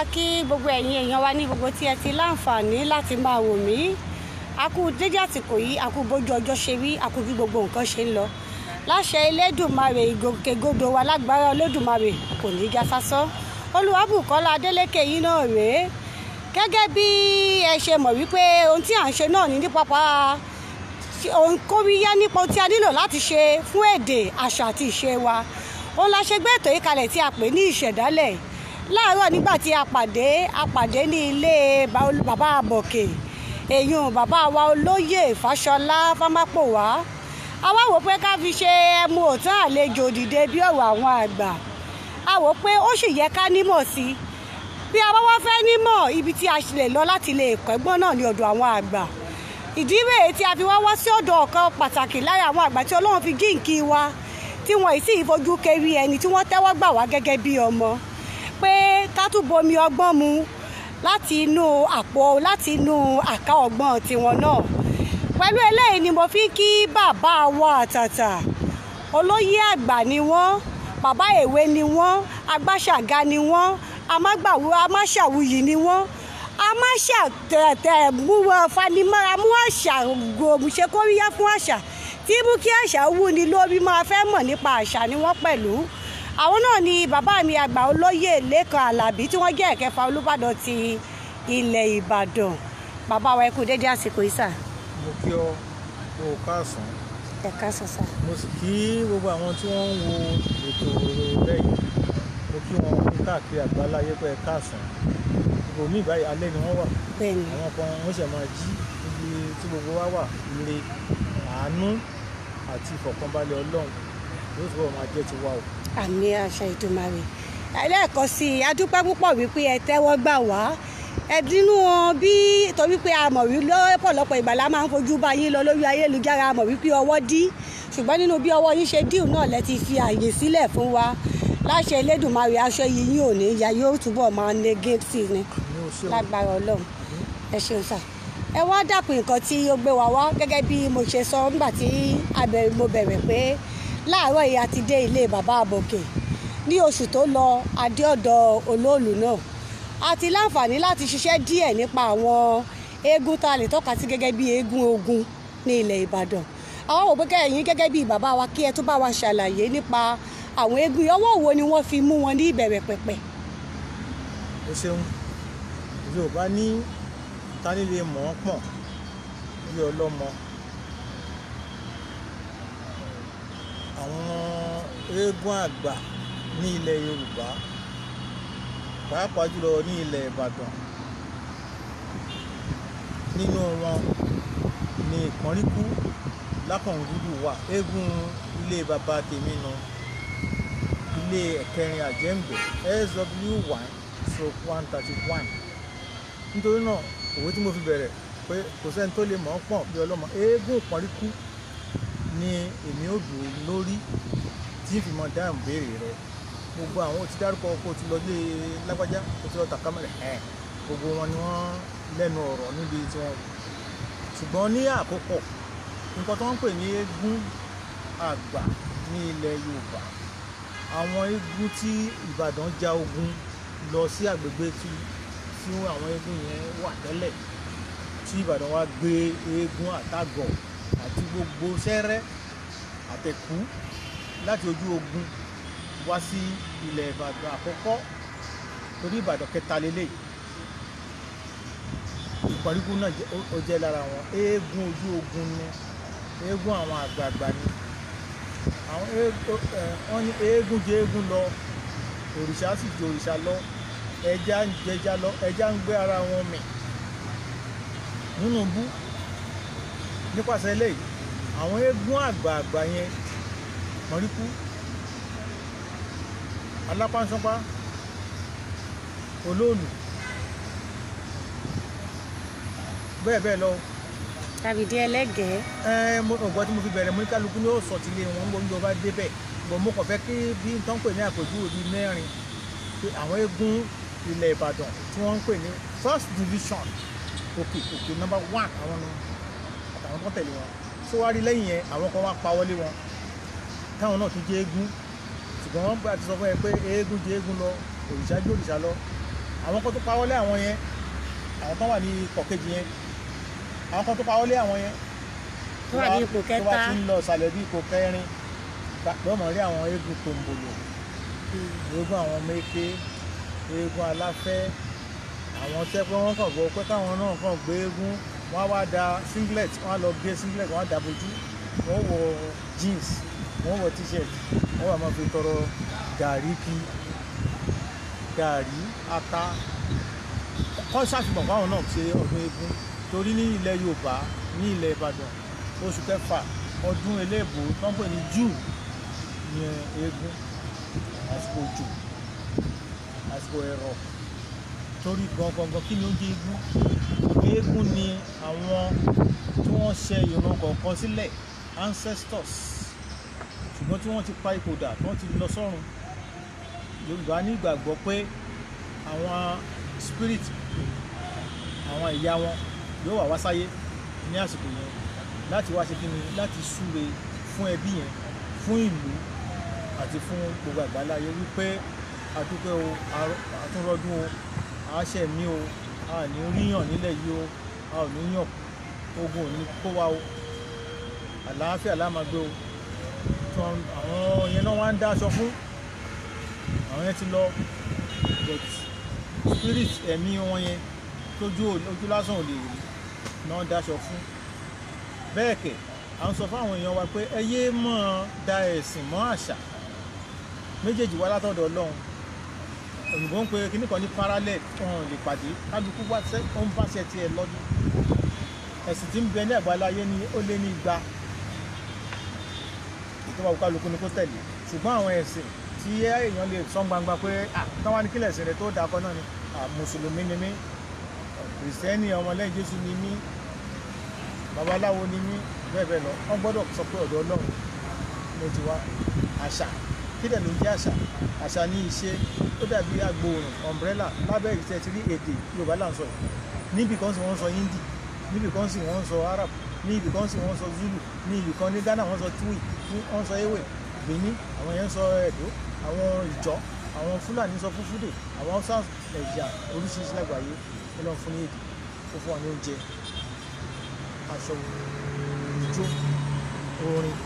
a kí gbogbo ẹ̀yin èèyàn wa ní gbogbo tí ẹ ti láǹfààní láti máa wò mí a kú dédé àsìkò yìí a kú bójú ọjọ́ ṣe rí a kú bí gbogbo nǹkan ṣe ń lọ láṣẹ Elédùmarè ìgbòkègbodò wa lágbára Olódùmarè kò ní já sásán Olúwabùkọ́lá Adélékè yìí náà rèé gẹ́gẹ́ bí ẹ ṣe mọ̀ wípé ohun tí à ń ṣe náà ní ní pápá ohun kóríyá nípa ohun tí a nílò láti ṣe fún èdè àṣà àti ìṣe wa òun la ṣe gbé ètò yìí kalẹ̀ tí a pè ní ìṣẹ̀dálẹ̀ láàárọ̀ nígbà tí a pàdé a pàdé ní ilé bàbá àbọ̀kè èyàn bàbá wa olóyè fàṣọlá fámápòwá a wá wò pé ká fi ṣe ẹmu òtún àlejò dìde bí ọ̀rọ̀ àwọn àgbà a wò pé ó sì yẹ ká nímọ̀ sí bí a bá wá fẹ́ nímọ̀ ibi tí a lè lọ láti lè kẹ́gbọ́n náà ní ọ̀dọ̀ àwọn àgbà ìdí rèé tí a fi wá wá sí ọ̀dọ̀ ọ̀kan pàtàkì lára àwọn àgbà tí ọlọ́run fi jíǹkí wa tí wọ́n ì sì fojú kéré ẹni tí wọ́n tẹ́wọ́ gbà wá gẹ́gẹ́ bí ọmọ pé ká tún bomi ọgbọ́n mu láti inú àpò láti inú àká ọgbọ́n tiwọn náà pẹ̀lú eléyìí ni mo fi kí bàbá wa àtàtà olóyè àgbà ni wọ́n bàbá èwe ni wọ́n agbáṣàga ni wọ́n amágbàwé amáṣàwuyì ni wọ́n amáṣàtẹ̀tẹ̀ mú wọn fanimọ́ra mú àṣà gòmùṣekóríyá fún àṣà tí mú kí àṣà wúni lórí máa fẹ́ mọ̀ nípa àṣà ni wọ́n pẹ̀lú àwọn náà ni bàbá mi àgbà olóyè Lékan Àlàbí tí wọ́n jẹ́ ẹ̀kẹfà Olúbàdàn ti ilẹ̀ Ìbàdàn bàbá wa ẹ kú dédé àsìkò yìí sà. mo kí ọ o káàsán. ẹ káàsán sà. mo sì kí gbogbo àwọn tí wọ́n ń wo ètò lẹ́yìn mo kí wọn kú káàkiri àgbáláyé pé ẹ káàsán ibòmíì báyìí alẹ́ ni wọ́n wà àwọn kan wọ́n ṣẹ̀ máa jí ibi tí gbogbo wa wà ire àánú àti ìfọ̀kànbalẹ̀ Ọlọ́run yóò túbọ̀ máa jẹ́ tiwa o. àmì àṣà ẹlẹ́ẹ̀kan sí i adúpẹ́ púpọ̀ wípé ẹ tẹ́wọ́ gbà wá ẹdínú bí torí pé a mọ̀ wí lọ́pọ̀lọpọ̀ ìgbà la máa ń fojú bá yín lọ lórí ayélujára a mọ̀ wípé ọwọ́ dí ṣùgbọ́n nínú bí ọwọ́ yín ṣe díù náà lẹ ti fi àyè sílẹ̀ fún wa láṣẹ Elédùmarè aṣọ yìí yín ò ní ya yóò túbọ̀ máa negate sí ni lágbára Ọlọ́run ẹ ṣeun sà ẹ wá dàpọ̀ nǹkan tí ó gbé wa wá gẹ́gẹ́ bí mo ṣe sọ nígbà tí mo bẹ̀rẹ̀ pé láàárọ̀ yìí a ti dé ilé bàbá àbòkè ní oṣù tó lọ adéọ̀dọ̀ olóòlù náà a ti láǹfààní láti ṣiṣẹ́ díẹ̀ nípa àwọn eégún tá a lè tọ́ka sí gẹ́gẹ́ bí eégún ogun ní ilẹ̀ ìbàdàn àwọn òbí kẹyìn gẹ́gẹ́ bí bàbá wa kí ẹ tó bá wa ṣàlàyé nípa àwọn eégún ọwọ́ wo ni wọ́n fi mú wọn ní ìbẹ̀rẹ̀ pẹ̀pẹ̀. o ṣeun yorùbá ní tánilé mọ̀ ọ́n pọ̀ bí ọlọ́mọ àwọn eégún àgbà ní ilẹ̀ Yorùbá pàápàá jùlọ ní ilẹ̀ Ìbàdàn nínú wọn ni ìpọ́nríkú lápọ̀n dúdú wà eégún ilé bàbá tèmi nu ilé ẹ̀kẹrin àjẹ́ǹgbẹ̀ sw 1 stroke one thirty one nítorí náà òwe tí mo fi bẹ̀rẹ̀ pé kò sẹ́ni tó lè mọ̀ ọ́n pọ̀ bí ọlọ́mọ eégún ìpọ́nríkú ni èmi ó dùn lórí tí fi mọ dáhùn béèrè rẹ gbogbo àwọn ò ti dárúkọ kó o ti lọ lé lágbájá o ti lọ ta kámẹ́rà ẹ̀ gbogbo wọn ni wọ́n lẹ́nu ọ̀rọ̀ níbi tí wọ́n ṣùgbọ́n ní àkópọ̀ nǹkan tó ń pè ní eégún àgbà ní ilẹ̀ Yorùbá àwọn eégún tí Ìbàdàn ja ogun lọ sí àgbègbè tí tí àwọn eégún yẹn wà tẹ́lẹ̀ tí Ìbàdàn wá gbé eégún àtàgọ̀ àti gbogbo sẹ́rẹ́ àtẹ̀kú láti ojú ogun wá sí ilẹ̀ Ìbàdàn àkọ́kọ́ torí Ìbàdàn kẹta lélẹ̀ ìparíkú náà ó jẹ́ lára wọn eégún ojú ogun ni eégún àwọn àgbààgbà ni àwọn wọ́n ní eégún jẹ eégún lọ òrìṣà sì jẹ òrìṣà lọ ẹja ń jẹja lọ ẹja ń gbé ara wọn mì nínú bú nípasẹ̀ eléyìí àwọn eégún àgbààgbà yẹn mọ̀ríkú alápánsánpá olóòlù bẹ́ẹ̀ bẹ́ẹ̀ lọ. tàbídé ẹlẹ́gẹ̀ẹ́. ẹ mo ọ̀gbọ́n tí mo fi bẹ̀rẹ̀ mo ní kálukú ni ó sọ ti lé wọn gbogbo ọba débẹ̀ bọ̀ mo kàn fẹ́ kí bí n tán pè ní àpèjúwe bíi mẹ́rin pé àwọn eégún ilẹ̀ Ìbàdàn tí wọ́n ń pè ní first division òkè òkè number one àwọn náà àwọn kan tẹ̀lé wọn tó wá rí lẹ́yìn yẹn àwọn kan wá pa wọlé wọn táwọn náà tún jẹ́ eégún ṣùgbọ́n wọ́n bá ti sọ fún ẹ pé eégún jẹ́ eégún lọ òrìṣà jẹ́ òrìṣà lọ àwọn kan tó pa wọlé àwọn yẹn àwọn kan wà ní ipò kejì yẹn àwọn kan tó pa wọlé àwọn yẹn tó wà ní ipò kẹta tó wà ti ń lọ ìsàlẹ̀ bí ipò kẹrin lọ́mọ rí àwọn eégún tòǹbòlò hmm. eégún àwọn méke eégún aláfẹ́ àwọn tẹ́pẹ́ wọn kàn gbọ́ pé káwọn náà kàn gbé eégún wọ́n á wá da singlet wọ́n á lọ gbé singlet wọ́n á da bojú wọ́n wọ jeans wọ́n wọ t-shirt wọ́n wà máa fi tọrọ gàrí kí gàrí ata kọ́ ṣàfihàn báwọn náà ṣe ọdún eégún torí ní ilẹ̀ Yorùbá ní ilẹ̀ Ìbàdàn oṣù kẹfà ọdún eléèbó tó ń pè ní June ní eégún àsìkò òjò àsìkò ẹ̀rọ torí gangan kí ni ó jẹ́ eégún eégún ni àwọn tí wọ́n ṣe ìran kọ̀ọ̀kan sílẹ̀ ancestors ṣùgbọ́n tí wọ́n ti pa ipò dà tí wọ́n ti lọ sọ́run Yorùbá ní ìgbàgbọ́ pé àwọn spirit àwọn ìyá wọn yóò wà wá sáyé ní àsìkò yẹn láti wá ṣe kíni láti súre fún ẹbí yẹn fún ìlú àti fún gbogbo àgbáláyé wípé àdúpẹ́ o àtúnrọ́dún o àṣẹ mi o a ní ríyàn nílẹ̀ yìí o a ò ní yàn ogun ò ní kó wa o àlàáfíà la máa gbé o àwọn yẹn náà wá ń dáṣọ fún àwọn yẹn ti lọ but spirit ẹ̀mí wọn yẹn tójú ojú lásán ò lè rí náà dáṣọ fún bẹ́ẹ̀ kẹ̀ à ń sọ fáwọn èèyàn wa pé ẹ yé mọ́ da ẹ̀sìn mọ́ àṣà méjèèjì wá látọ̀dọ̀ ọlọ́run òyìnbó ń pe kíní kan ní parallel ọ̀hún lè pàdé kálukú wá ń bá ṣe tiẹ̀ lọ́dún ẹ̀sìn tí ń bẹ ní àgbáláyé ni ó lé ní igba ìjọba òkàlùkù ni kó tẹ̀lé ṣùgbọ́n àwọn ẹ̀sìn tí èèyàn lè sọ gbangba pé táwọn ní kílẹ̀ ẹ̀sìn rẹ tó dákọ́ náà ni mùsùlùmí ni mí kìrìsìtẹ́nì ọmọlẹ́yìn jésù ni mí babaláwo ni mí bẹ́ẹ̀ bẹ́ẹ̀ lọ wọ́n gbọ́dọ̀ sọ pé ọ̀dọ̀ ọlọ́run mo ti wá àṣà kí dẹ̀ ló jẹ́ àṣà àṣà ní ìṣe ó dàbí agbòòrùn ọ̀mbrẹ́là lábẹ́ ìṣẹ́ ti rí èdè yorùbá là ń sọ yìí níbi kan sì wọ́n sọ hindi níbi kan sì wọ́n ń sọ Arab ní ibì kan sì wọ́n ń sọ Zulu ní ibì kan ní Ghana wọ́n sọ Twi wọ́n sọ Ewe Benin àwọn yẹn ń sọ Ẹ̀dó àwọn Ìjọ àwọn Fúlàní sọ Fúfúdè àwọn Hausa Nàìjíríà oríṣiríṣi lágbàáyé ó lọ fún ní èdè ó fún wa ní oúnjẹ aṣọ ijó orin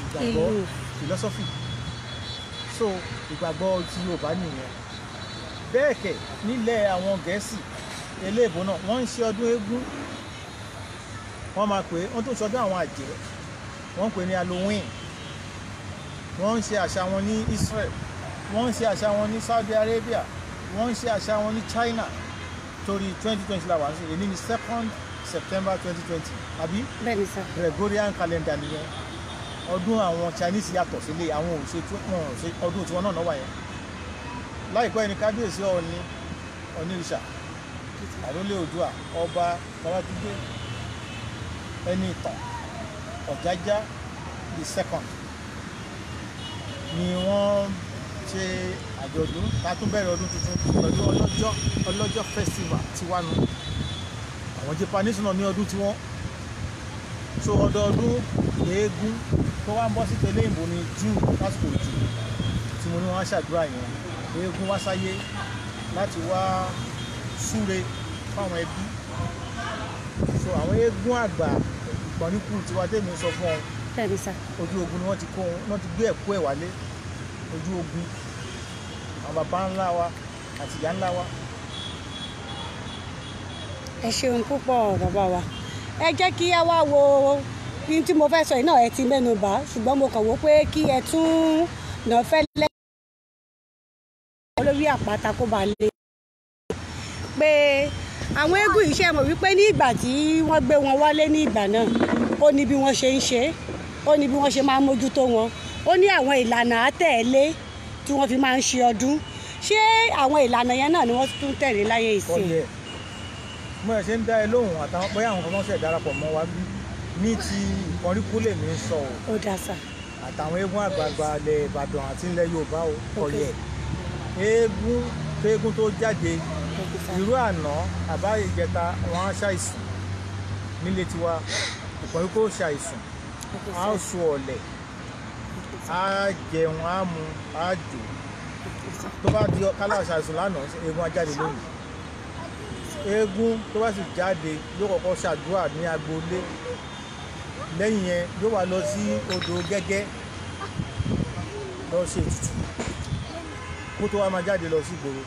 ìgbàgbọ́ philosophy so ìgbàgbọ́ ti Yorùbá nìyẹn bẹ́ẹ̀ kẹ̀ nílẹ̀ àwọn Gẹ̀ẹ́sì eléèbó náà wọ́n ń ṣe ọdún eégún wọ́n máa pè é wọ́n tún ṣọdún àwọn àjẹ́ wọ́n pè ní halloween wọ́n ń ṣe àṣà wọn ní Israel wọ́n ń ṣe àṣà wọn ní Saudi Arabia wọ́n ń ṣe àṣà wọn ní China torí 2020 la wà sí èyí ní second September 2020 àbí Gregorian calendar nìyẹn ọdún àwọn Chinese yàtọ̀ sílé àwọn òṣè ọdún tiwọn náà náà wà yẹn láìpẹ́ ní kábíyèsí Ọọ̀ni Ọ̀nìrìṣà Èkìtì àrólé Oòduà ọba Babátúndé Ẹnìtàn Ọ̀jájá the second ni wọ́n ṣe àjọ̀dún látún bẹ̀rẹ̀ ọdún tuntun pẹ̀lú ọlọ́jọ́ ọlọ́jọ́ festival tiwánu àwọn Japanese náà ní ọdún tiwọn so ọdọọdún eégún tó wá ń bọ́ sí tẹ̀lé ìbò ni June lásìkò jù tí mo ní wọn á ṣàdúrà yẹn eégún wá sáyé láti wá. Wa súre fáwọn ẹbí so àwọn eégún àgbà ìpọ́nrínkù tiwa tèmi sọ fún ọ ojú ogun ni wọ́n ti kó wọ́n ti gbé ẹ̀kọ́ ẹ̀ wálé ojú ogun àwọn bàbá ńlá wa àti ìyá ńlá wa. ẹ ṣeun púpọ̀ bàbá wa ẹ jẹ́ kí a wá wo bí tí mo fẹ́ sọ yìí náà ẹ ti mẹ́nu bà ṣùgbọ́n mo kàn wó pé kí ẹ tún náà fẹ́ lẹ́yìn olórí àpáta kó ba lè pé àwọn eégún yìí ṣe mọ̀ wípé ní ìgbà tí wọ́n gbé wọn wálé ní ìgbà náà ó ní bí wọ́n ṣe ń ṣe ó ní bí wọ́n ṣe máa ń mójútó wọn ó ní àwọn ìlànà àtẹ̀lé tí wọ́n fi máa ń ṣe ọdún ṣé àwọn ìlànà yẹn náà ni wọ́n tún tẹ̀lé láyé ìsìn. mo ṣe ń dá ẹ lóhùn àtàwọn pé àwọn kan ṣẹ̀ mọ́ wa ní ti ìkọríkú lèmi ń sọ o àtàwọn eégún àgbààgbà ilẹ̀ Ìbàdàn àti ilẹ̀ Yorùbá ọ̀yẹ̀ eégún kéégún tó jáde irú àná àbá ìjẹta wọn á ṣàìsàn nílé tiwa ìpọ́n kó ṣàìsàn á sọ ọ̀lẹ̀ á jẹun á mu á jò tó bá di kálá ṣàìsàn lánàá eégún á jáde lónìí eégún tó bá sì jáde yóò kọ́kọ́ ṣàdúrà ní agboolé lẹ́yìn yẹn yóò wá lọ sí odò gẹ́gẹ́ lọ ṣe ètùtù kú tó wá máa jáde lọ sí ìgboro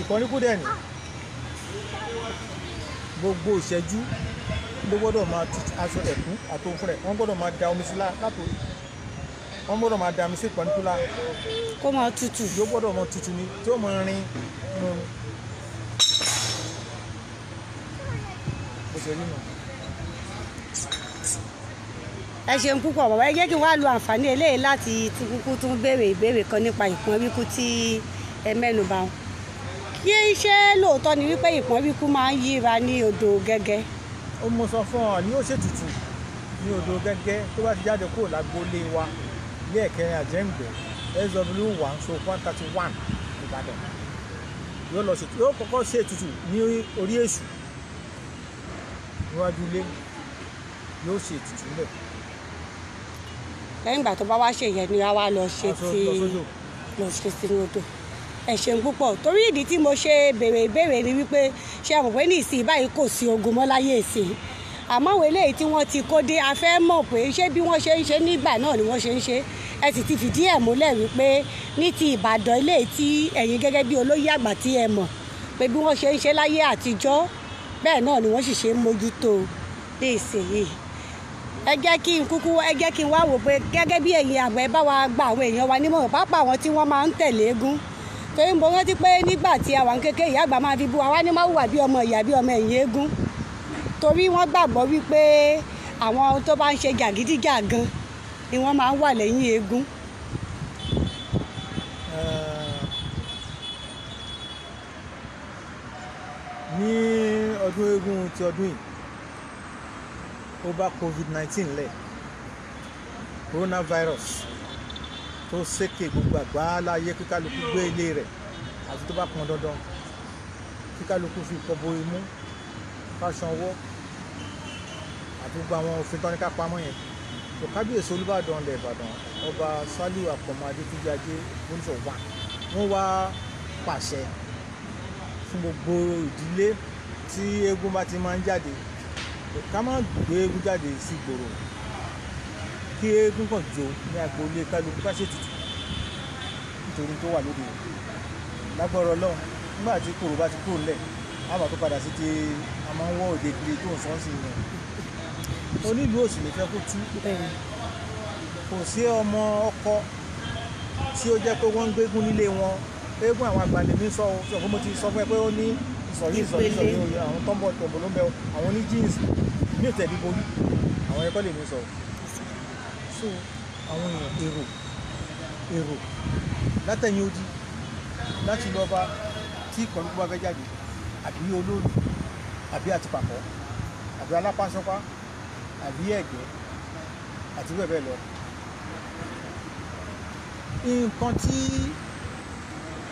ìkànnì kú dẹ̀ ní gbogbo ìṣẹ́jú ló gbọ́dọ̀ máa tu aṣọ ẹ̀kú àtòun fúnrẹ̀ wọ́n gbọ́dọ̀ máa da omi sí látòrí wọ́n gbọ́dọ̀ máa da omi sí ìkànnì kú lá. kó máa tutù. yóò gbọ́dọ̀ máa tutù ni tí ó máa rin bó ṣe rí nù ẹ ṣeun púpọ̀ bàbá ẹ jẹ́ kí n wá lo àǹfààní eléyìí láti kúkú tún béèrè ìbéèrè kan nípa ìpọ́n wíkú tí ẹ mẹ́nubà wọn. kí ṣé lóòótọ́ ni wípé ìpọ́n wíkú máa ń yíra ní odò gẹ́gẹ́. ó mọ sọ fún ọ ní ó ṣètùtù ní odò gẹ́gẹ́ tó bá ti jáde kúrò lágboolé wa ilé ẹ̀kẹrin àjẹ́ǹgbẹ́ sw one so one thirty one ìbàdàn yóò lọ ṣètùtù yóò kọ́kọ́ ṣètùtù ní orí èṣù níwájú ilé yóò ṣètùtù lẹ́kọ̀ọ́ lẹ́yìn ìgbà tó bá wá ṣe yẹn ni a wá lọ ṣe ti lọ ṣe sínú odò ẹ ṣeun púpọ̀ torí ìdí tí mo ṣe béèrè ìbéèrè ni wípé ṣe àpòpẹ́ ní ìsìn báyìí kò sí ogun mọ́ láyé ìsìn àmọ́ àwọn eléyìí tí wọ́n ti kó dé a fẹ́ mọ̀ pé ṣé bí wọ́n ṣe ń ṣe nígbà náà ni wọ́n ṣe ń ṣe ẹ sì ti fìdí ẹ̀ múlẹ̀ wípé ní ti Ìbàdàn eléyìí tí ẹ̀yin gẹ́gẹ́ bí olóyè àgbà tí ẹ mọ̀ pé bí wọ́n ṣe ń ṣe láyé àtijọ́ bẹ́ẹ̀ náà ni wọ́n sì ṣe ń mójútó ní ìsìn yìí ẹ jẹ́ kí n kúkú ẹ gege kí n wá wò pé gẹ́gẹ́ bí bá wa gba àwọn èèyàn wa nímọ̀ràn pápá àwọn tí wọ́n máa ń tẹ̀lé torí mo rántí pé nígbà tí a wà ìyá àgbà máa fi bú wa ni ní má bí ọmọ ìyá bí ọmọ ẹ̀yìn eégún torí wọ́n gbàgbọ́ wípé àwọn tó bá ń ṣe jàgídíjàgan ni wọ́n máa ń wà lẹ́yìn eégún. ní ó bá covid-19 lẹ̀ coronavirus tó sékè gbogbo àgbá láyé kíkálukú gbé ilé rẹ̀ àti tó bá pọn dandan kíkálukú fi ìkọ́ bo imú fáṣan ọwọ́ àti gbogbo àwọn òfin tán ní ká pamọ́ yẹn tó kábíyèsí olúbàdàn ilẹ̀ ìbàdàn ọba sálíù àpọ̀mọ́ adétúnjì ajé oníṣọ̀ wà wọ́n wá pàṣẹ fún gbogbo ìdílé tí eégún bá ti máa ń jáde ká má gbé eégún jáde sí ìgboro kí eégún kàn jó ní agboolé kálukú ká ṣètùtù nítorí tó wà lóde lágbọ́rọ̀ ọlọ́run nígbà tí kòrò bá ti kúrò nílẹ̀ àbá tó padà sí ti a máa ń wọ́ òde kiri tó ń sọ́n sí yẹn onílùú òsì lè fẹ́ kó tú kò sí ọmọ ọkọ tí ó jẹ́ pé wọ́n ń gbégún nílé wọn eégún àwọn àgbàlẹ̀ sọ fún mo ti sọ fún ẹ pé ó ní sọ̀rí sọ̀rí sọ̀rí oyè àwọn tó ń bọ̀ tẹ̀bọ̀ ló ní jeans mi ò tẹ̀lé borí àwọn ẹ̀kọ́ lè mi sọ so àwọn èèyàn èrò èrò látẹ̀yìn odi láti lọ́ba tí ìkọ̀lù bá fẹ́ jáde àbí olóòlù àbí àtìpàkọ́ àbí alápásánpá àbí ẹ̀gẹ́ àti bẹ́ẹ̀ bẹ́ẹ̀ lọ nǹkan tí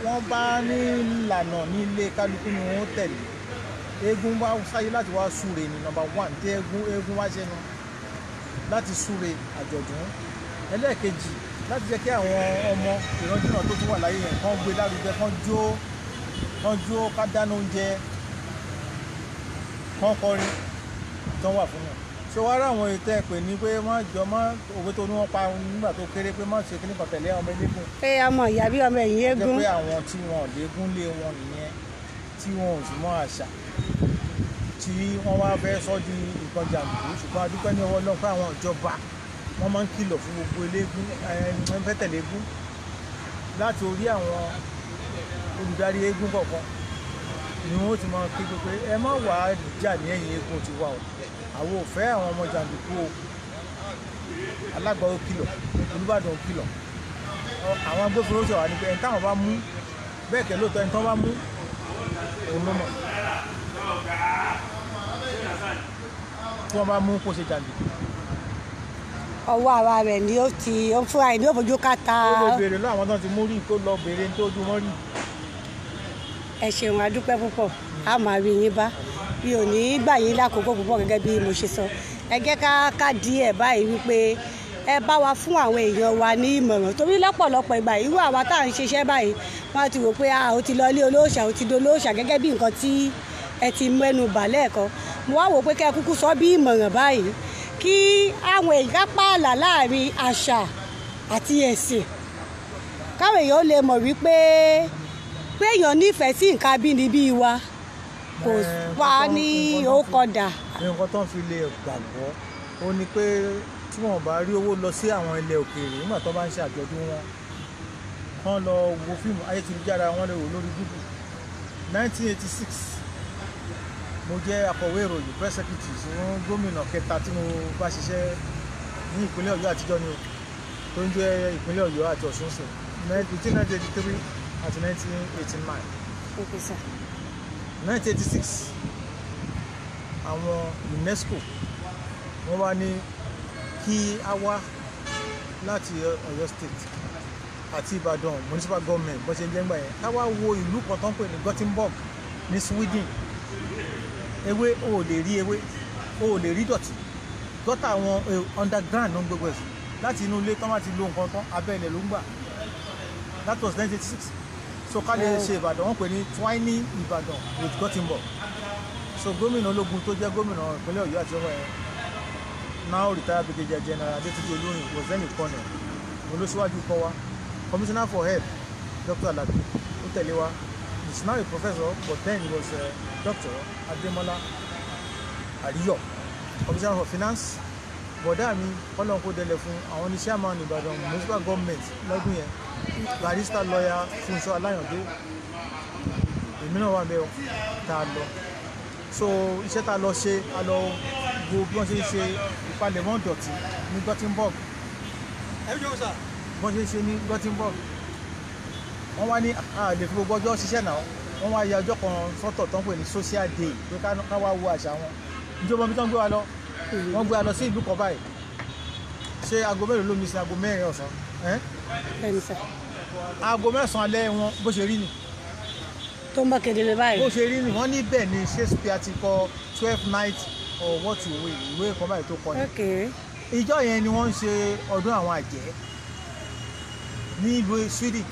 wọ́n bá ní ìlànà ní ilé kálukú ni wọ́n tẹ̀lé eégún wá sáyé láti wá súre ní nọ́mbà one tí eégún eégún wá ṣẹnu láti súre àjọ̀dún ẹlẹ́ẹ̀kejì láti jẹ́ kí àwọn ọmọ ìrandínà tó tún wà láyé yẹn kán gbé lárugẹ kán jó kán jó ká dáná oúnjẹ kán kọrin tán wà fún wọn ṣé wàá ráwọn ètò ẹ pè ní pé má jọ má òwe tó ní wọn pa nígbà tó kéré pé má ṣe kí ní pàtẹ́lẹ́ ọmọ eléégún. pé ọmọ ìyá bí ọmọ ẹ̀yìn eégún. jẹ́ pé àwọn tí wọn ò léégún lé wọn nìyẹn tí wọn ò sì mọ àṣà tí wọ́n wá fẹ́ sọ di nǹkan jàǹdùkú ṣùgbọ́n adúpẹ́ ní ọwọ́ lọ́pọ̀ àwọn ìjọba wọ́n máa ń kìlọ̀ fún gbogbo eléégún ẹ̀ ni wọ́n ti máa ké pé ẹ má wàá jà ní ẹ̀yìn eégún tiwa o àwọn ò fẹ́ àwọn ọmọ jàǹdùkú o alágbàáwò kìlọ̀ olùbàdàn kìlọ̀ àwọn agbófinró ṣe wà ní pé ẹni táwọn bá mú bẹ́ẹ̀ kẹ́ lóòótọ́ ẹni tán bá mú òun ló mọ̀ tí wọ́n bá mú kó ṣe jàǹdùkú. ọwọ́ ara rẹ̀ ni ó ti ó fúnra ẹ̀ ní òfojú káta. ó lọ béèrè lọ àwọn tó ti mú rí kó lọ béèrè tó ojú wọn rí. ẹ ṣeun a dúpẹ́ a máa rí yín bá mi ò ní gbà yín lákòókò púpọ̀ gẹ́gẹ́ bí mo ṣe sọ ẹ jẹ́ ká ká di ẹ̀ báyìí wípé ẹ bá wa fún àwọn èèyàn wa ní ìmọ̀ràn torí lọ́pọ̀lọpọ̀ ìgbà irú àwa tá à ń ṣiṣẹ́ báyìí wọ́n ti rò pé a ò ti lọ ilé olóòṣà ò ti do olóòṣà gẹ́gẹ́ bí nǹkan tí ẹ ti mẹ́nu bà lẹ́ẹ̀kan mo wá wò pé kẹ́ ẹ kúkú sọ bí ìmọ̀ràn báyìí kí àwọn èèyàn pààlà láàrin àṣà àti ẹ̀sìn káwọn èèyàn lè mọ̀ wípé pé èèyàn nífẹ̀ẹ́ sí nǹkan abínibí wa kò wá ní òkọdà. nǹkan tó ń fi lè gbàgbọ́ ó ní pé tí wọn bá rí owó lọ sí àwọn ilẹ̀ òkèèrè nígbà tó bá ń ṣe àjọ̀dún wọn kán lọ wo fíìmù ayélujára wọn lè wò lórí Google 1986 mo jẹ́ akọ̀wé ìròyìn press secretary fún gómìnà kẹta tí mo bá ṣiṣẹ́ ní ìpínlẹ̀ Ọ̀yọ́ àtijọ́ ni o tó ń jẹ́ ìpínlẹ̀ Ọ̀yọ́ àti Ọ̀ṣun sìn between 1983 àti 1989. Okay, sir. 1986 àwọn UNESCO wọ́n wá ní kí á wá láti Ọ̀yọ́ state àti Ìbàdàn municipal government bó ṣe ń jẹ́ngbà yẹn ká wá wo ìlú kan tó ń pè ní Gothenburg ní Sweden ewé o ò lè rí ewé o ò lè rí dọ̀tí gọ́tà àwọn eh, underground ló ń gbogbo ẹ̀sùn láti inú ilé tán bá ti lo nǹkan tán abẹ́ ló ń gbà that was 1986 so ká lè ṣe ìbàdàn wọ́n pè ní twine ìbàdàn with gothenburg so gómìnà ológun tó jẹ́ gómìnà ìpínlẹ̀ ọ̀yọ́ àti ọmọ yẹn now retired brigadier general adétúnjì olórin was then a colonel olóṣèwájú kọ́ wa commissioner for health dr alabi ó tẹ̀lé wa he is now a professor but then he was uh, eh, dr ademola ariyo commissioner for finance bọ̀dá mi ọlọ́run kó dẹlẹ̀ fún àwọn ní chairman Ìbàdàn municipal government lọ́dún yẹn barrister lawyer Fúnṣọ́ Aláyàndé èmi náà wà bẹ́ẹ̀ tá a lọ so iṣẹ́ tá a lọ ṣe a lọ wo bí wọ́n ṣe ń ṣe ìpalẹ̀mọ́ ìdọ̀tí ní Gothenburg bọ́n ṣe ń ṣe ní Gothenburg wọ́n wá ní a lè fi gbogbo ọjọ́ ṣiṣẹ́ náà wọ́n wá ya ọjọ́ kan sọ́tọ̀ tó pè ní social day pé ká wá wo àṣà wọn ìjọba bí tó ń gbé wa lọ wọ́n gbé a lọ sí ìlú kan báyìí ṣé aago mélòó ló mi sí aago mẹ́rin ọ̀sán aago mẹ́sàn-án alẹ́ wọn bó ṣe rí ni tó ń bọ̀ kedere báyìí bó ṣe rí ni wọ́n ní bẹ́ẹ̀ ni Shakespeare ti kọ twelve night or what you will ìwé kan báyìí tó kọ ni ìjọ yẹn ni wọ́n ń ṣe ọdún àwọn àjẹ́ ní ìlú Sweden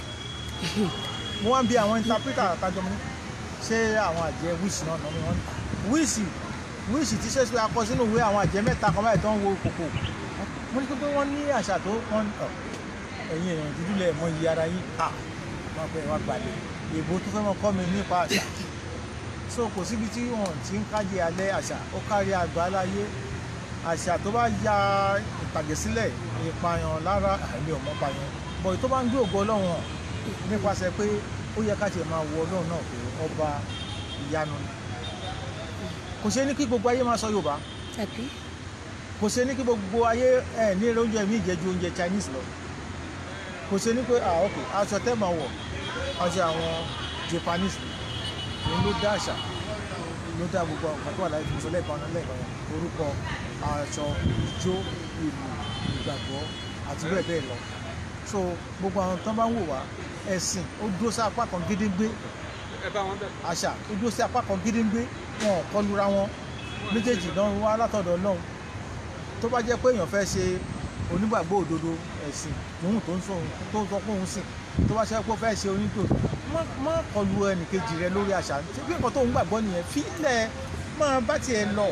wọ́n bí àwọn interpreter àtàjọmọ́ ṣé àwọn àjẹ́ wíṣì náà náà wíṣì wíìsì tí sẹ́sì akọ sínú ìwé àwọn àjẹ́ mẹ́ta kan báyìí tó ń wo kòkò mo ní pé wọ́n ní àṣà tó kàn ẹ̀yin èèyàn dúdú lẹ̀ mọ iye ara yín à máa pẹ́ wá gbalẹ̀ èèbó tó fẹ́ mọ kọ́ mi nípa àṣà so kò síbi tí wọn ti ń kájẹ alẹ́ àṣà ó kárí àgbà láyé àṣà tó bá ya ìtàgé sílẹ̀ ìpààyàn lára àìlè ọmọ pààyàn bọ̀dé tó bá ń gbé ògo ọlọ́run nípasẹ̀ pé ó yẹ ká tiẹ̀ máa wo ọlọ́run náà pé ọba ìyanu ni kò ṣe ní kí gbogbo ayé máa sọ Yorùbá kò ṣe ní kí gbogbo ayé ẹ ní oúnjẹ mi jẹ ju oúnjẹ Chinese lọ kò ṣe ní pé ah ok aṣọ tẹ́ máa wọ̀ aṣọ àwọn Japanese ló ló dá àṣà ló dá gbogbo àwọn kan tó wà láyé fún ìṣọlẹ̀ ìpanu lẹ́ẹ̀kan orúkọ aṣọ ijó ìlú ìgbàgbọ́ àti bẹ́ẹ̀ bẹ́ẹ̀ lọ so gbogbo àwọn tó bá ń wò wá ẹ̀sìn ó dúró sí apá kan gídígbé àṣà ó dúró sí apá kan gídígbé wọn kọlura wọn méjèèjì lọ́run wá látọ̀dọ̀ Ọlọ́run tó bá jẹ́ pé èèyàn fẹ́ ṣe onígbàgbọ́ òdodo ẹ̀sìn lóhun tó ń sọ tó ń sọ pé òun sìn tó bá ṣe pé ó fẹ́ ṣe onígbò má kọlu ẹnìkejì rẹ lórí àṣà ṣé bí nǹkan tó ń gbàgbọ́ nìyẹn fílẹ̀ máa bá tiẹ̀ lọ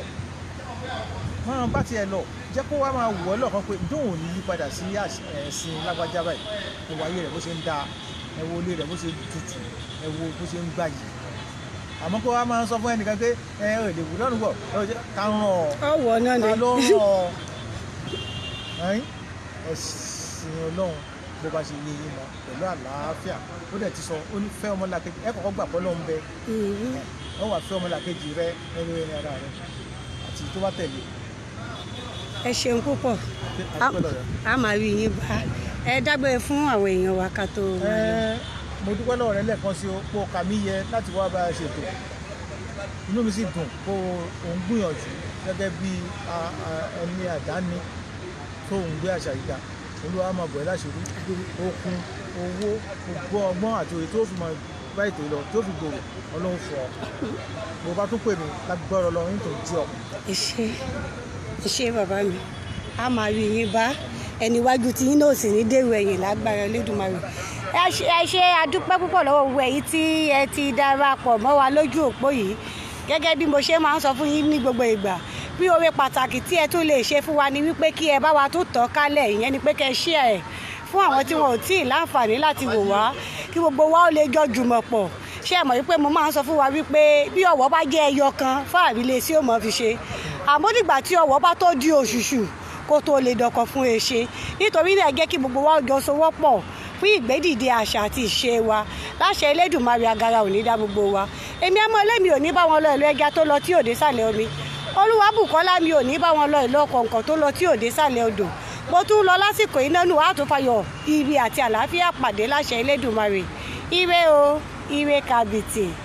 máa bá tiẹ̀ lọ jẹ́ kó wá máa wù ọ́ lọ́kàn pé dóhùn ní yípadà sí ẹ̀sìn lágbájá báyìí ẹ̀wọ̀ ayé rẹ̀ bó ṣe ń dáa ẹ̀wọ̀ ilé rẹ̀ bó ṣe tutù ẹ̀wọ̀ bó ṣe ń gbàyìí àmọ́ kó wá máa sọ fún ẹnìkan pé ẹ ò lè wù lọ́rùn wọ̀ ká ràn ọ́ ni ká ló ràn ọ́ ẹ̀sìn ọlọ́run bó bá ṣe yé yín lọ pẹ̀lú àlàáfíà ó dẹ̀ ti sọ ó ní fẹ́ ọmọlàkejì ẹ kọ́kọ́ gbà bọ́lọ́ ń bẹ ọ mm-hmm. wà fẹ́ ọmọlàkejì rẹ ẹni ẹni ara rẹ àti tó bá tẹ̀lé. ẹ ṣeun púpọ̀ a máa rí yín bá ẹ dágbére fún àwọn èèyàn wa mo dúpẹ́ lọ́wọ́ rẹ lẹ́ẹ̀kan sí pé o kà mí yẹ láti wá bá a ṣètò inú mi sì dùn kó o ń gbìyànjú gẹ́gẹ́ bí ẹni àdáni tó ń gbé àṣà yìí ga olúwa máa bọ̀ ẹ́ láṣìírí okun owó gbogbo ọgbọ́n àti òye tó fi máa bá ètò lọ tó fi gbòòrò ọlọ́run fọ bó bá tún pè mí lágbára ọlọ́run tó jí ọ. ẹ ṣé ẹ ṣé bàbá mi a máa rí yín bá ẹni iwájú tí yín náà sì ní dèrò ẹ̀yìn lágbára Olódùmarè ẹ ṣe adúpẹ́ púpọ̀ lọ́wọ́ gbogbo èyí tí ẹ ti darapọ̀ mọ́ wa lójú òpó yìí gẹ́gẹ́ bí mo ṣe máa ń sọ fún yín ní gbogbo ìgbà bí oore pàtàkì tí ẹ tún lè ṣe fún wa ni wípé kí ẹ bá wa tún tọ́ kálẹ̀ ìyẹn ni pé kẹ́ ẹ ṣí ẹ̀ fún àwọn tí wọn ò tí ì láǹfààní láti wò wá kí gbogbo wa ó lè jọ jùmọ̀ pọ̀ ṣé ẹ mọ̀ wípé mo máa ń sọ fún wa wípé bí ọ̀wọ́ bá jẹ́ ẹyọ kan fáàrí lè sí òmò fi ṣe àmọ́ dìgbà tí ọ̀wọ́ bá tó di òṣùṣù kó tó lè dọ̀kọ̀ fún èṣe nítorí náà jẹ́ kí gbogbo wa jọ sowọ́pọ̀ fún ìgbédìde àṣà àti ìṣe wa láṣẹ Elédùmarè agara òní dá gbogbo wa èmi ọmọ ẹlẹ́mi ò ní bá wọn lọ ìlú ẹja tó lọ tí òde sàlẹ̀ omi Olúwabùkọ́lá mi ò ní bá wọn lọ ìlú ọkọ̀ǹkọ̀ tó lọ tí òde sàlẹ̀ odò mo tún lọ lásìkò iná nù wá tó fayọ̀ ire àti àlàáfíà pàdé láṣẹ Elédùmarè ire o ire kàbìtì.